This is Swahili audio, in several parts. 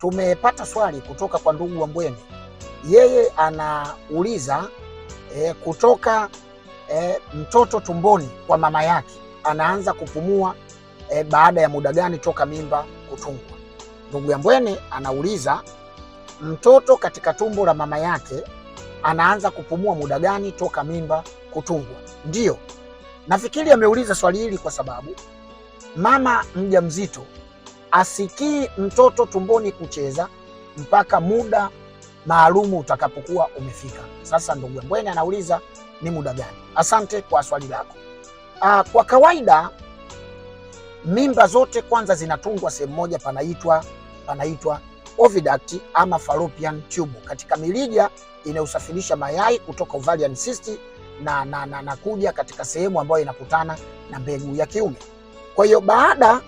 Tumepata swali kutoka kwa ndugu wa Mbweni, yeye anauliza e, kutoka e, mtoto tumboni kwa mama yake anaanza kupumua e, baada ya muda gani toka mimba kutungwa? Ndugu ya Mbweni anauliza mtoto katika tumbo la mama yake anaanza kupumua muda gani toka mimba kutungwa? Ndiyo, nafikiri ameuliza swali hili kwa sababu mama mjamzito asikii mtoto tumboni kucheza mpaka muda maalumu utakapokuwa umefika. Sasa ndugu Mbwene anauliza ni muda gani? Asante kwa swali lako. Aa, ah, kwa kawaida mimba zote kwanza zinatungwa sehemu moja panaitwa panaitwa oviduct ama fallopian tube, katika mirija inayosafirisha mayai kutoka ovarian cyst na, na, na, na kuja katika sehemu ambayo inakutana na mbegu ya kiume. Kwa hiyo baada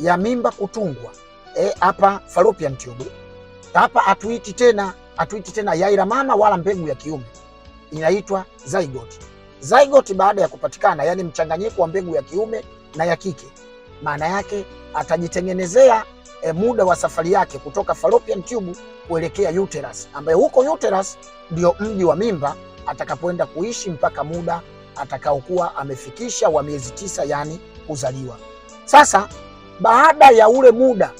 ya mimba kutungwa e, hapa e, fallopian tube hapa atuiti tena atuiti tena yai la mama wala mbegu ya kiume, inaitwa zygote. Zygote baada ya kupatikana, yani mchanganyiko wa mbegu ya kiume na ya kike, maana yake atajitengenezea e, muda wa safari yake kutoka fallopian tube kuelekea uterus, ambayo huko uterus ndio mji wa mimba atakapoenda kuishi mpaka muda atakaokuwa amefikisha wa miezi tisa, yani kuzaliwa. Sasa baada ya ule muda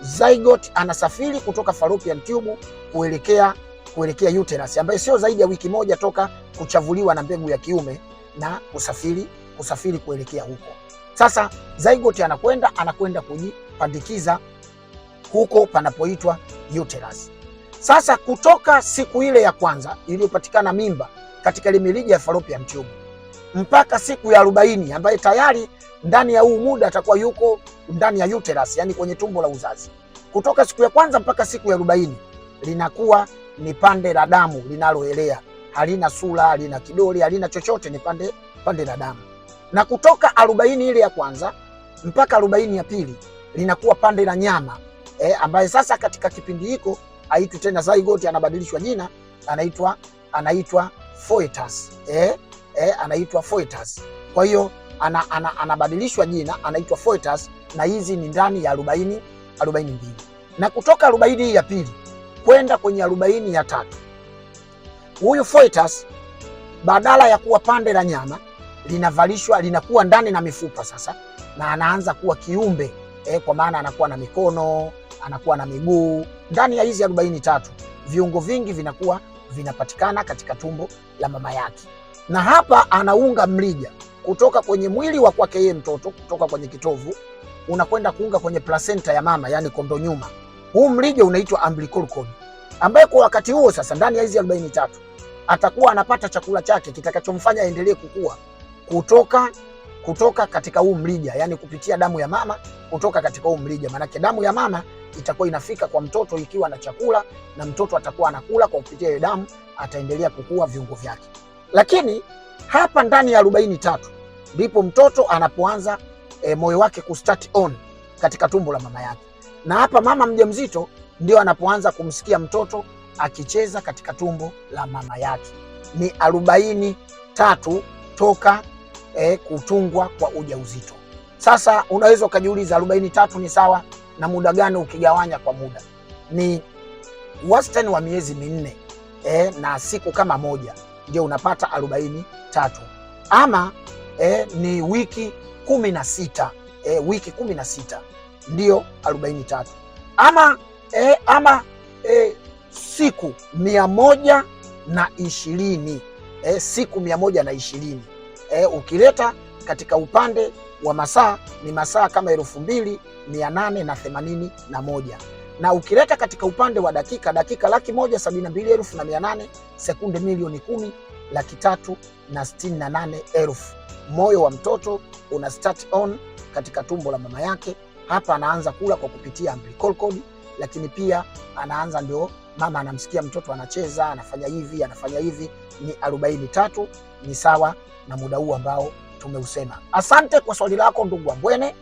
zygote anasafiri kutoka fallopian tube kuelekea kuelekea uterus ambayo sio zaidi ya wiki moja toka kuchavuliwa na mbegu ya kiume na kusafiri kusafiri kuelekea huko. Sasa zygote anakwenda anakwenda kujipandikiza huko panapoitwa uterus. Sasa kutoka siku ile ya kwanza iliyopatikana mimba katika ile ya fallopian tube mpaka siku ya arobaini ambaye tayari ndani ya huu muda atakuwa yuko ndani ya uterus, yani kwenye tumbo la uzazi. Kutoka siku ya kwanza mpaka siku ya arobaini linakuwa ni pande la damu linaloelea, halina sura, halina kidole, halina chochote, ni pande pande la damu. Na kutoka arobaini ile ya kwanza mpaka arobaini ya pili linakuwa pande la nyama e, ambaye sasa katika kipindi hiko haitwi tena zygote, anabadilishwa jina, anaitwa anaitwa foetus eh eh, anaitwa Foetus. Kwa hiyo ana, ana, anabadilishwa jina anaitwa Foetus na hizi ni ndani ya 40 42, na kutoka arobaini hii ya pili kwenda kwenye arobaini ya tatu huyu Foetus badala ya kuwa pande la nyama linavalishwa linakuwa ndani na mifupa sasa, na anaanza kuwa kiumbe eh, kwa maana anakuwa na mikono anakuwa na miguu. Ndani ya hizi 43 tatu viungo vingi vinakuwa vinapatikana katika tumbo la mama yake na hapa anaunga mlija kutoka kwenye mwili wa kwake yeye mtoto, kutoka kwenye kitovu unakwenda kuunga kwenye placenta ya mama, yani kondo nyuma. Huu mrija unaitwa umbilical cord, ambaye kwa wakati huo sasa ndani ya hizi 43 atakuwa anapata chakula chake kitakachomfanya aendelee kukua kutoka kutoka katika huu mrija, yani kupitia damu ya mama kutoka katika huu mrija. Maanake damu ya mama itakuwa inafika kwa mtoto ikiwa na chakula, na mtoto atakuwa anakula kwa kupitia hiyo damu, ataendelea kukua viungo vyake. Lakini hapa ndani ya arobaini tatu ndipo mtoto anapoanza e, moyo wake kustart on katika tumbo la mama yake, na hapa mama mjamzito ndio anapoanza kumsikia mtoto akicheza katika tumbo la mama yake. Ni arobaini tatu toka e, kutungwa kwa ujauzito. Sasa unaweza ukajiuliza arobaini tatu ni sawa na muda gani? Ukigawanya kwa muda ni wastani wa miezi minne e, na siku kama moja ndio unapata arobaini tatu ama eh, ni wiki kumi na sita eh, wiki kumi na sita ndio arobaini tatu ama, eh, ama eh, siku mia moja na ishirini eh, siku mia moja na ishirini eh, ukileta katika upande wa masaa ni masaa kama elfu mbili mia nane na themanini na moja na ukileta katika upande wa dakika, dakika laki moja sabini na mbili elfu na mia nane sekunde milioni kumi laki tatu na sitini na nane elfu. Moyo wa mtoto una start on katika tumbo la mama yake. Hapa anaanza kula kwa kupitia umbilical cord, lakini pia anaanza ndio mama anamsikia mtoto anacheza, anafanya hivi, anafanya hivi. Ni arobaini tatu ni sawa na muda huu ambao tumeusema. Asante kwa swali lako ndugu Ambwene,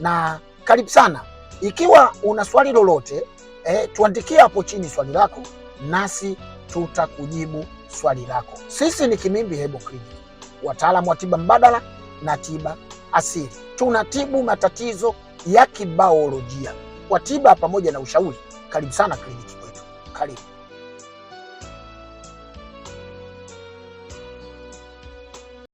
na karibu sana. Ikiwa una swali lolote eh, tuandikie hapo chini swali lako, nasi tutakujibu swali lako. Sisi ni Kimimbi Herbal Clinic, wataalamu wa tiba mbadala na tiba asili. Tunatibu matatizo ya kibaolojia kwa tiba pamoja na ushauri. Karibu sana kliniki kwetu, karibu.